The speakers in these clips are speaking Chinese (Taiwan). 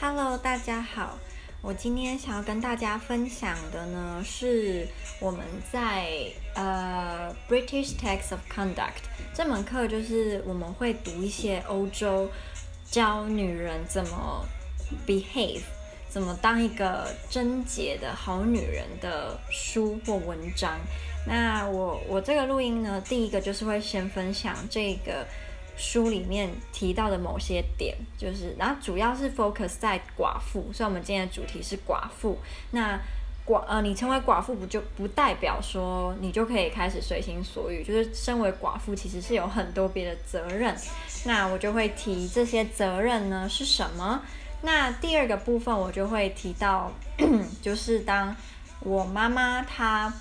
Hello，大家好。我今天想要跟大家分享的呢，是我們在呃《British Texts of Conduct》這門課，就是我們會讀一些歐洲教女人怎麼 behave，怎麼當一個貞潔的好女人的書或文章。那我我這個錄音呢，第一個就是會先分享這個。書裡面提到的某些點，就是然後主要是 focus 在寡婦，所以我們今天的主題是寡婦。那寡呃，你成為寡婦不就不代表說你就可以開始隨心所欲，就是身為寡婦其實是有很多別的責任。那我就會提這些責任呢是什麼？那第二個部分我就會提到， 就是當我媽媽她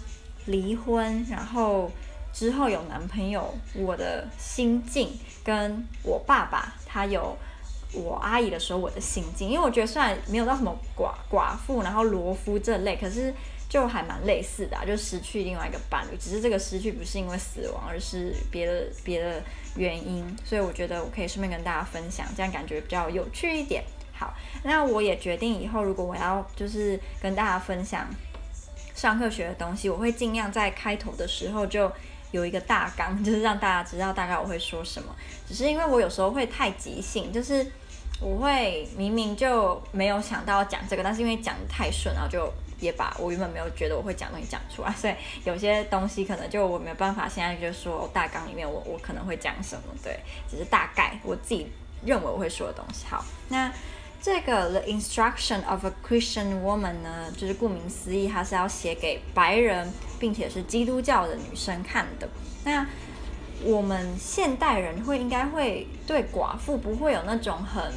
離婚，然後。之後有男朋友，我的心境跟我爸爸他有我阿姨的時候我的心境，因為我覺得雖然沒有到什麼寡寡婦，然後羅夫這類，可是就還蠻類似的、啊，就失去另外一個伴侶，只是這個失去不是因為死亡，而是別的別的原因，所以我覺得我可以順便跟大家分享，這樣感覺比較有趣一點。好，那我也決定以後如果我要就是跟大家分享上課學的東西，我會盡量在開頭的時候就。有一個大綱，就是讓大家知道大概我會說什麼。只是因為我有時候會太即興，就是我會明明就沒有想到要講這個，但是因為講得太順，然後就也把我原本沒有覺得我會講的東西講出來，所以有些東西可能就我沒有辦法現在就說、哦、大綱裡面我我可能會講什麼，對，只是大概我自己認為我會說的東西。好，那。這個《The Instruction of a Christian Woman》呢，就是顧名思義，它是要寫給白人並且是基督教的女生看的。那我們現代人會應該會對寡婦不會有那種很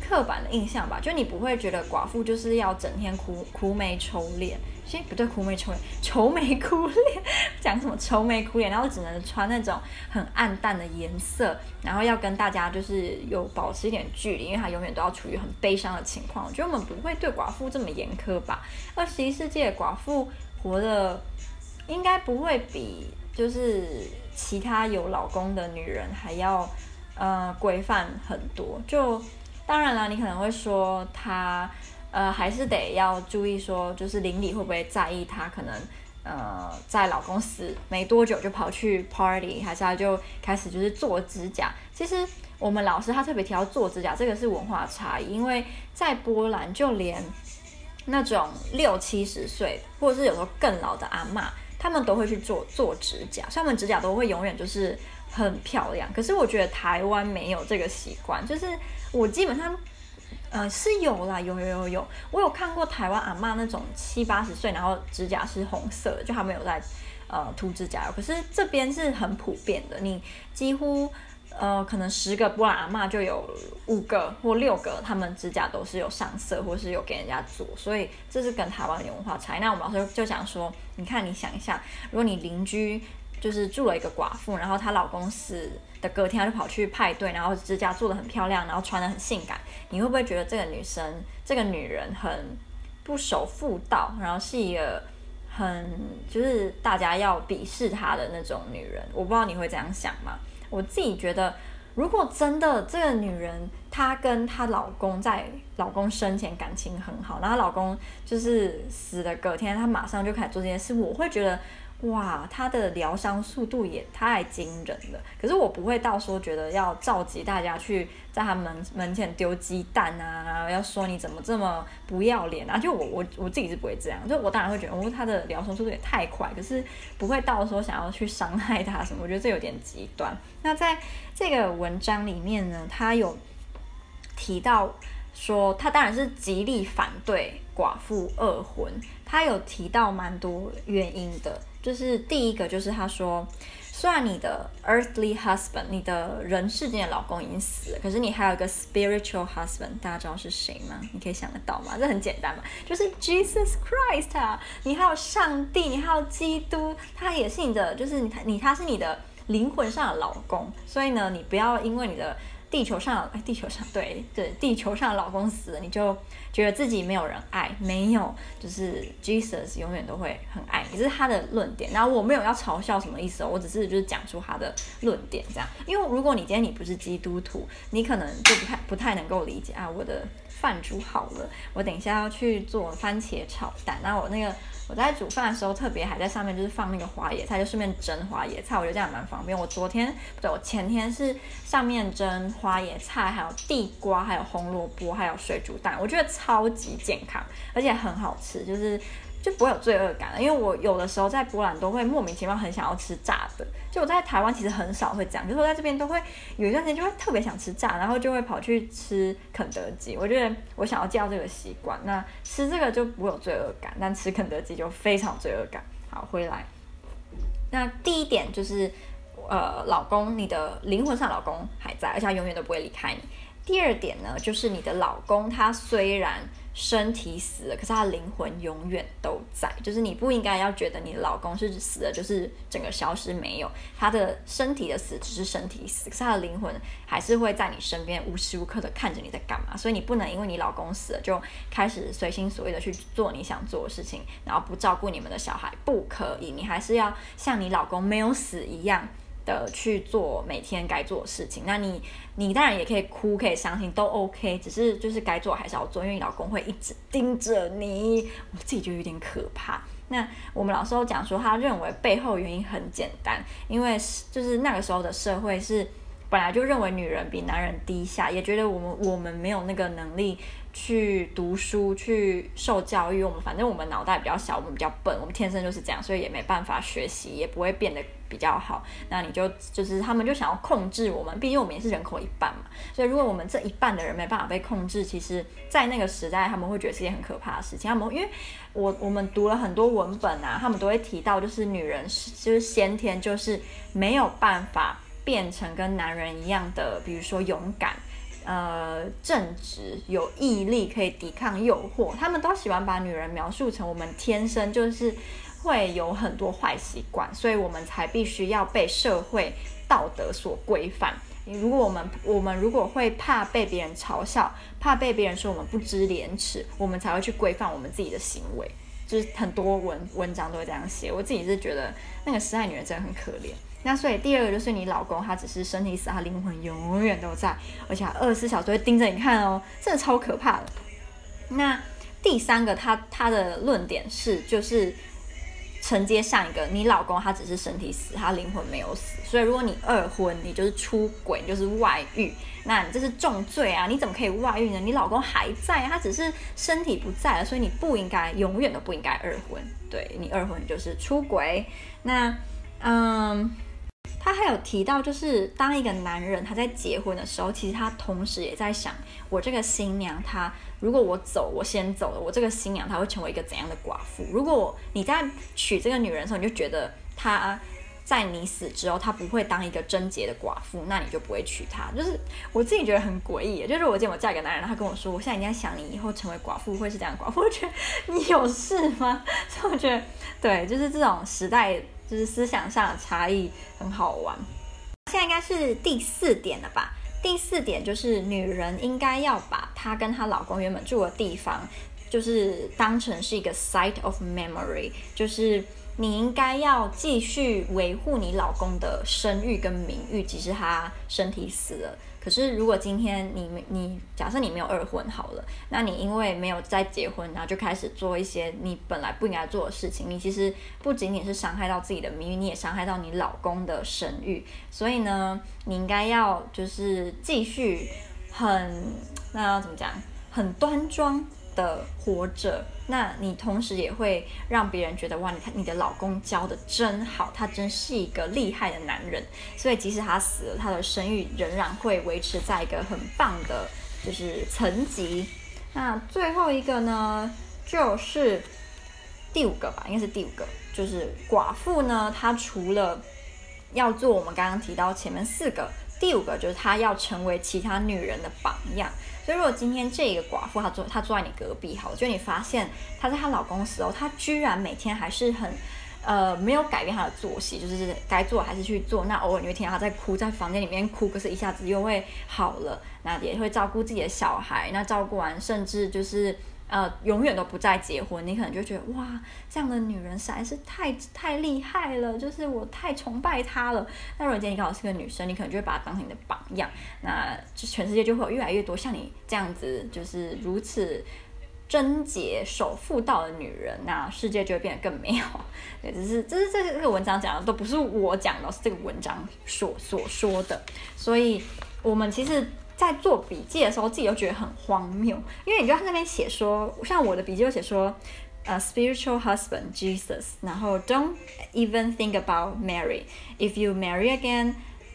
刻板的印象吧？就你不會覺得寡婦就是要整天苦苦眉愁臉。不對沒愁沒，苦眉愁愁眉苦臉，講什麼愁眉苦臉？然後只能穿那種很暗淡的顏色，然後要跟大家就是有保持一點距離，因為她永遠都要處於很悲傷的情況。我覺得我們不會對寡婦這麼嚴苛吧？二十一世紀的寡婦活得應該不會比就是其他有老公的女人還要呃規範很多。就當然啦，你可能會說她。呃，還是得要注意，說就是鄰里會不會在意她可能，呃，在老公死沒多久就跑去 party，還是他就開始就是做指甲。其實我們老師他特別提到做指甲這個是文化差異，因為在波蘭就連那種六七十歲或者是有時候更老的阿媽，他們都會去做做指甲，像他們指甲都會永遠就是很漂亮。可是我覺得台灣沒有這個習慣，就是我基本上。呃，是有啦，有有有有，我有看過台灣阿媽那種七八十歲，然後指甲是紅色的，就還沒有在呃塗指甲油。可是這邊是很普遍的，你幾乎呃可能十個波蘭阿媽就有五個或六個，他們指甲都是有上色或是有給人家做，所以這是跟台灣的文化差異。那我們老師就想說，你看你想一下，如果你鄰居。就是住了一個寡婦，然後她老公死的隔天，她就跑去派對，然後指甲做得很漂亮，然後穿得很性感。你會不會覺得這個女生，這個女人很不守婦道，然後是一個很就是大家要鄙視她的那種女人？我不知道你會怎樣想嘛。我自己覺得，如果真的這個女人她跟她老公在老公生前感情很好，然後她老公就是死的隔天，她馬上就開始做這件事，我會覺得。哇，他的療傷速度也太驚人了！可是我不會到說覺得要召集大家去在他門門前丟雞蛋啊，然後要說你怎麼這麼不要臉啊？就我我我自己是不會這樣，就我當然會覺得，哦，他的療傷速度也太快，可是不會到說想要去傷害他什麼，我覺得這有點極端。那在這個文章裡面呢，他有提到說，他當然是極力反對寡婦二婚，他有提到蠻多原因的。就是第一個，就是他說，雖然你的 earthly husband 你的人世間的老公已經死了，可是你還有一個 spiritual husband，大家知道是誰嗎？你可以想得到嗎？這很簡單嘛，就是 Jesus Christ 啊，你還有上帝，你還有基督，他也是你的，就是你他你他是你的靈魂上的老公，所以呢，你不要因為你的。地球上的，哎，地球上，對對，地球上的老公死了，你就覺得自己沒有人愛，沒有，就是 Jesus 永遠都會很愛你，這是他的論點。然後我沒有要嘲笑什麼意思哦，我只是就是講出他的論點這樣。因為如果你今天你不是基督徒，你可能就不太不太能夠理解啊。我的飯煮好了，我等一下要去做番茄炒蛋，那我那個。我在煮飯的時候，特別還在上面就是放那個花椰菜，就順便蒸花椰菜，我覺得這樣蠻方便。我昨天不對，我前天是上面蒸花椰菜，還有地瓜，還有紅蘿蔔，還有水煮蛋，我覺得超級健康，而且很好吃，就是。就不會有罪惡感了，因為我有的時候在波蘭都會莫名其妙很想要吃炸的，就我在台灣其實很少會這樣，就是我在這邊都會有一段時間就會特別想吃炸，然後就會跑去吃肯德基。我覺得我想要戒掉這個習慣，那吃這個就不會有罪惡感，但吃肯德基就非常罪惡感。好，回來，那第一點就是，呃，老公，你的靈魂上老公還在，而且他永遠都不會離開你。第二點呢，就是你的老公，他雖然身體死了，可是他的靈魂永遠都在。就是你不應該要覺得你的老公是死了，就是整個消失沒有，他的身體的死只是身體死，可是他的靈魂還是會在你身邊，無時無刻的看着你在幹嘛。所以你不能因為你老公死了就開始隨心所欲的去做你想做的事情，然後不照顧你們的小孩，不可以。你還是要像你老公沒有死一樣。的去做每天該做的事情，那你你當然也可以哭，可以傷心，都 OK，只是就是該做還是要做，因為你老公會一直盯着你，我自己就有點可怕。那我們老師都講說，他認為背後原因很簡單，因為就是那個時候的社會是。本來就認為女人比男人低下，也覺得我們我們沒有那個能力去讀書、去受教育。我們反正我們腦袋比較小，我們比較笨，我們天生就是這樣，所以也沒辦法學習，也不會變得比較好。那你就就是他們就想要控制我們，畢竟我們也是人口一半嘛。所以如果我們這一半的人沒辦法被控制，其實，在那個時代，他們會覺得是件很可怕的事情。他們因為我我們讀了很多文本啊，他們都會提到，就是女人是就是先天就是沒有辦法。變成跟男人一樣的，比如說勇敢、呃正直、有毅力，可以抵抗誘惑。他們都喜歡把女人描述成我們天生就是會有很多壞習慣，所以我們才必須要被社會道德所規範。如果我們我們如果會怕被別人嘲笑，怕被別人說我們不知廉恥，我們才會去規範我們自己的行為。就是很多文文章都會這樣寫。我自己是覺得那個時代女人真的很可憐。那所以第二個就是你老公，他只是身體死，他靈魂永遠都在，而且二十四小時會盯着你看哦，真的超可怕的。那第三個他，他他的論點是就是承接上一個，你老公他只是身體死，他靈魂沒有死，所以如果你二婚，你就是出軌，你就是外遇，那你這是重罪啊！你怎麼可以外遇呢？你老公還在啊，他只是身體不在了，所以你不應該，永遠都不應該二婚。對，你二婚你就是出軌。那嗯。他還有提到，就是當一個男人他在結婚的時候，其實他同時也在想，我這個新娘她，她如果我走，我先走了，我這個新娘她會成為一個怎樣的寡婦？如果你在娶這個女人的時候，你就覺得她在你死之後，她不會當一個貞潔的寡婦，那你就不會娶她。就是我自己覺得很詭異，就是我見我嫁給男人，他跟我說，我現在在想你以後成為寡婦會是怎樣的寡婦，我覺得你有事嗎？所以我覺得對，就是這種時代。就是思想上的差異很好玩。現在應該是第四點了吧？第四點就是女人應該要把她跟她老公原本住的地方，就是當成是一個 site of memory，就是你應該要繼續維護你老公的聲譽跟名譽，即使他身體死了。可是，如果今天你沒你，你假設你沒有二婚好了，那你因為沒有再結婚，然後就開始做一些你本來不應該做的事情，你其實不僅僅是傷害到自己的名譽，你也傷害到你老公的聲譽。所以呢，你應該要就是繼續很，那要怎麼講，很端莊。的活着，那你同時也會讓別人覺得哇，你看你的老公教得真好，他真是一個厲害的男人。所以即使他死了，他的聲譽仍然會維持在一個很棒的，就是層級。那最後一個呢，就是第五個吧，應該是第五個，就是寡婦呢，她除了要做我們剛剛提到前面四個，第五個就是她要成為其他女人的榜樣。所以如果今天這一個寡婦，她坐她坐在你隔壁，好，就你發現她在她老公死後，哦，她居然每天還是很。呃，沒有改變她的作息，就是該做還是去做。那，偶爾你會聽到她在哭，在房間裡面哭，可是一下子又會好了。那也會照顧自己的小孩，那照顧完甚至就是呃，永遠都不再結婚。你可能就覺得哇，這樣的女人實在是太太厲害了，就是我太崇拜她了。那如果今天剛好是個女生，你可能就會把她當成你的榜樣，那就全世界就會有越來越多像你這樣子，就是如此。貞潔守婦道的女人，那世界就會變得更美好。對，這是這是這個這個文章講的，都不是我講的，是這個文章所所說的。所以，我們其實在做筆記的時候，自己都覺得很荒謬，因為你知道他那邊寫說，像我的筆記就寫說，呃，spiritual husband Jesus，然後 don't even think about Mary if you marry again。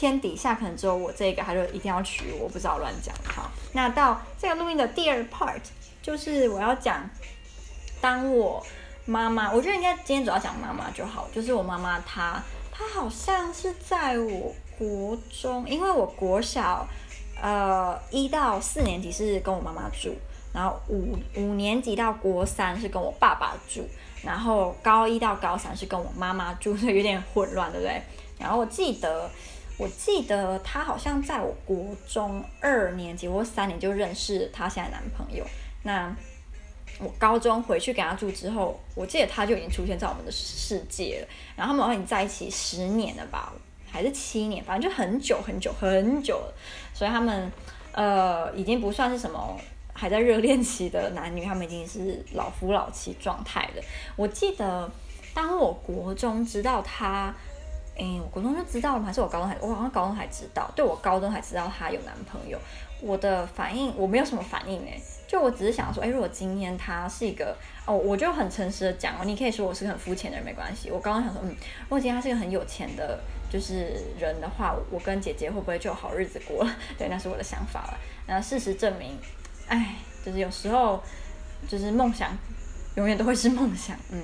天底下可能只有我這個，他就一定要娶我。我不知道亂講哈。那到這個錄音的第二 part，就是我要講當我媽媽，我覺得應該今天主要講媽媽就好。就是我媽媽她，她好像是在我國中，因為我國小呃一到四年級是跟我媽媽住，然後五五年級到國三是跟我爸爸住，然後高一到高三是跟我媽媽住，所以有點混亂，對不對？然後我記得。我記得他好像在我國中二年級或三年就認識他現在男朋友，那我高中回去跟他住之後，我記得他就已經出現在我們的世界了。然後他們好像已經在一起十年了吧，還是七年？反正就很久很久很久了。所以他們呃已經不算是什麼還在熱戀期的男女，他們已經是老夫老妻狀態了。我記得當我國中知道他。哎、欸，我高中就知道了嗎？還是我高中還，我好像高中還知道。對，我高中還知道她有男朋友，我的反應我沒有什麼反應呢、欸。就我只是想說，哎、欸，如果今天他是一個，哦，我就很誠實的講哦，你可以說我是個很膚淺的人沒關係。我剛剛想說，嗯，如果今天他是個很有錢的，就是人的話，我跟姐姐會不會就好日子過了？對，那是我的想法了。那事實證明，哎，就是有時候，就是夢想，永遠都會是夢想。嗯。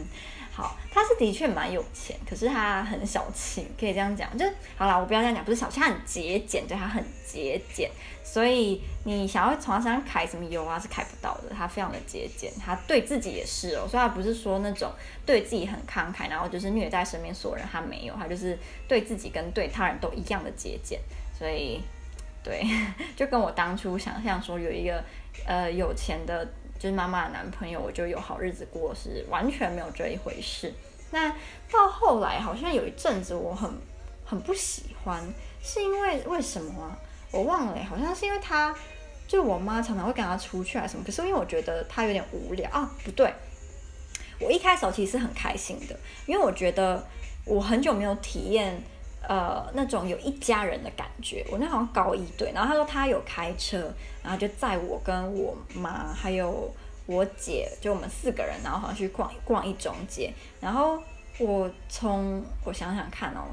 好，他是的確蠻有錢，可是他很小氣，可以這樣講，就好啦，我不要這樣講，不是小氣，他很節儉，對他很節儉，所以你想要從他身上揩什麼油啊，是揩不到的，他非常的節儉，他對自己也是哦，所以他不是說那種對自己很慷慨，然後就是虐待身邊所有人，他沒有，他就是對自己跟對他人都一樣的節儉，所以對，就跟我當初想象說有一個呃有錢的。就是媽媽的男朋友，我就有好日子過，是完全沒有這一回事。那到後來好像有一陣子我很很不喜歡，是因為為什麼啊？我忘了，好像是因為他，就我媽常常會跟他出去還是什麼。可是因為我覺得他有點無聊啊，不對，我一開始其實是很開心的，因為我覺得我很久沒有體驗。呃，那種有一家人的感覺，我那好像高一對，然後他說他有開車，然後就載我跟我媽還有我姐，就我們四個人，然後好像去逛一逛一中街。然後我從我想想看哦，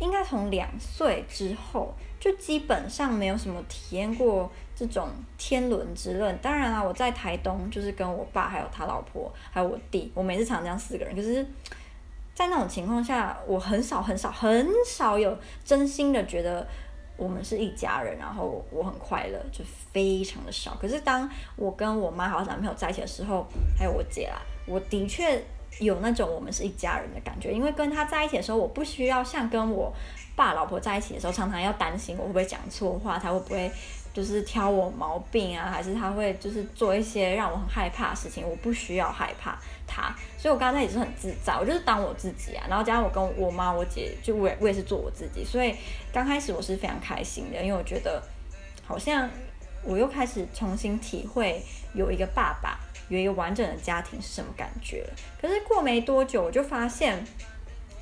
應該從兩歲之後就基本上沒有什麼體驗過這種天倫之樂。當然啦，我在台東就是跟我爸還有他老婆還有我弟，我每次常常這樣四個人，可是。在那種情況下，我很少、很少、很少有真心的覺得我們是一家人，然後我很快樂，就非常的少。可是當我跟我媽和男朋友在一起的時候，還有我姐啦，我的確有那種我們是一家人的感覺，因為跟他在一起的時候，我不需要像跟我爸老婆在一起的時候，常常要擔心我會不會講錯話，他會不會。就是挑我毛病啊，還是他會就是做一些讓我很害怕的事情，我不需要害怕他，所以我剛才也是很自在。我就是當我自己啊。然後加上我跟我媽、我姐，就我我也是做我自己，所以剛開始我是非常開心的，因為我覺得好像我又開始重新體會有一個爸爸、有一個完整的家庭是什麼感覺了。可是過沒多久，我就發現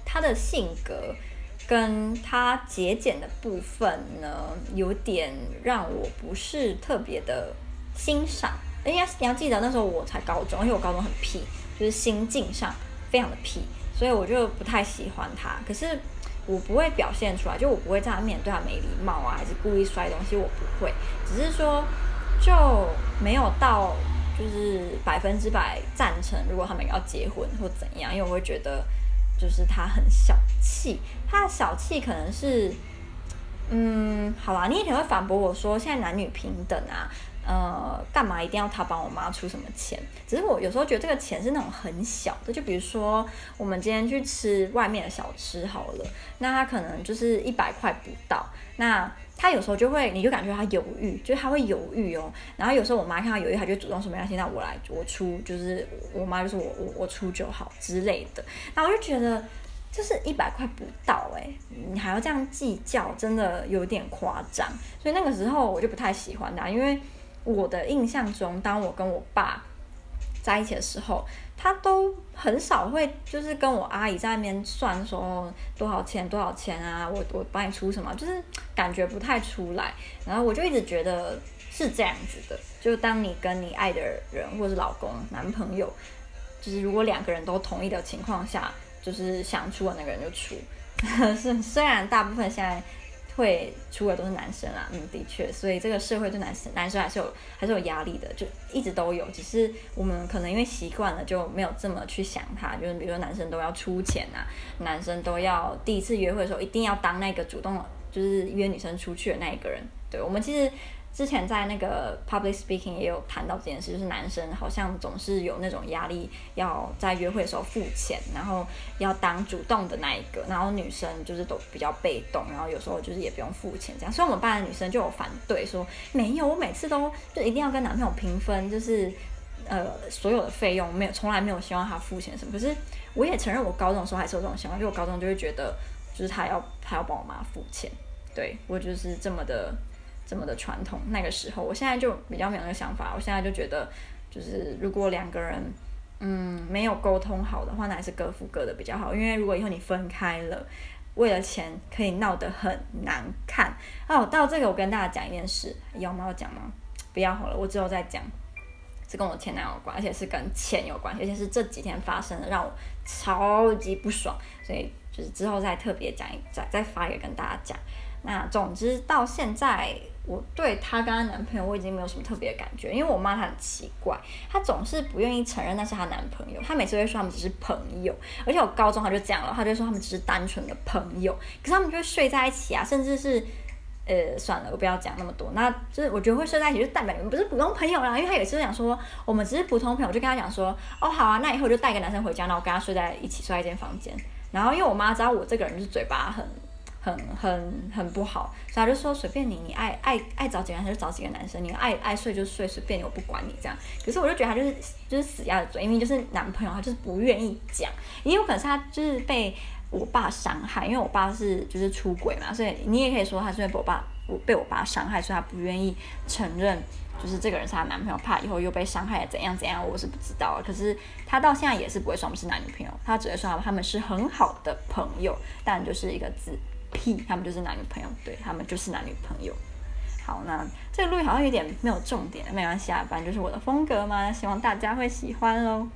他的性格。跟他節儉的部分呢，有點讓我不是特別的欣賞。哎呀，你要記得那時候我才高中，因為我高中很屁，就是心境上非常的屁，所以我就不太喜歡他。可是我不會表現出來，就我不會在他面對他沒禮貌啊，還是故意摔東西，我不會。只是說就沒有到就是百分之百贊成，如果他們要結婚或怎樣，因為我會覺得。就是他很小氣，他的小氣可能是，嗯，好吧，啊，你可能會反駁我說現在男女平等啊，呃，幹嘛一定要他幫我媽出什麼錢？只是我有時候覺得這個錢是那種很小的，就比如說我們今天去吃外面的小吃好了，那他可能就是一百塊不到，那。他有時候就會，你就感覺他猶豫，就是他會猶豫哦。然後有時候我媽看到猶豫，她就主動說：“沒關係，那現在我來，我出，就是我媽就是我我我出就好之類的。”然後我就覺得，就是一百塊不到，欸，你還要這樣計較，真的有點誇張。所以那個時候我就不太喜歡他，啊，因為我的印象中，當我跟我爸在一起的時候，他都很少會就是跟我阿姨在那邊算說多少錢多少錢啊，我我幫你出什麼，就是感覺不太出來。然後我就一直覺得是這樣子的，就當你跟你愛的人或是老公、男朋友，就是如果兩個人都同意的情況下，就是想出的那個人就出。是雖然大部分現在。會出的都是男生啊，嗯，的確，所以這個社會對男生，男生還是有還是有壓力的，就一直都有，只是我們可能因為習慣了就沒有這麼去想他，就是比如說男生都要出錢啊，男生都要第一次約會的時候一定要當那個主動，就是約女生出去的那一個人，對我們其實。之前在那個 public speaking 也有談到這件事，就是男生好像總是有那種壓力，要在約會的時候付錢，然後要當主動的那一個，然後女生就是都比較被動，然後有時候就是也不用付錢這樣。所以我們班的女生就有反對說，沒有，我每次都就一定要跟男朋友平分，就是呃所有的費用，沒有從來沒有希望他付錢什麼。可是我也承認，我高中的時候還是有這種想法，因為我高中就會覺得就是他要他要幫我媽付錢，對我就是這麼的。這麼的傳統，那個時候，我現在就比較沒有那個想法，我現在就覺得，就是如果兩個人，嗯，沒有溝通好的話，那還是各付各的比較好，因為如果以後你分開了，為了錢可以鬧得很難看。哦，到這個我跟大家講一件事，要不要講嗎？不要好了，我之後再講，是跟我前男友關，而且是跟錢有關，而且是這幾天發生的讓我超級不爽，所以就是之後再特別講一再再發一個跟大家講。那總之到現在，我對她跟她男朋友我已經沒有什麼特別的感覺，因為我媽她很奇怪，她總是不願意承認那是她男朋友，她每次會說他們只是朋友，而且我高中他就講了，他就說他們只是單純的朋友，可是他們就會睡在一起啊，甚至是，呃，算了，我不要講那麼多。那就是我覺得會睡在一起就是代表你們不是普通朋友啦啊，因為他有一次講說我們只是普通朋友，我就跟他講說，哦，好啊，那以後我就帶個男生回家，然後我跟他睡在一起，睡在一間房間。然後因為我媽知道我這個人就是嘴巴很很很很不好，所以他就說隨便你，你愛愛愛找幾個男生就找幾個男生，你愛愛睡就睡，隨便你，我不管你這樣。可是我就覺得他就是就是死鴨子嘴硬，因為就是男朋友他就是不願意講，也有可能是他就是被我爸傷害，因為我爸是就是出軌嘛，所以你也可以說他是被我爸我被我爸傷害，所以他不願意承認就是這個人是他男朋友，怕以後又被傷害了怎樣怎樣，我是不知道啊。可是他到現在也是不會說我們是男女朋友，他只會說他們是很好的朋友，但就是一個字。他們就是男女朋友，對，他們就是男女朋友。好，那這個錄音好像有點沒有重點，沒關係啊，反正就是我的風格嘛，希望大家會喜歡哦。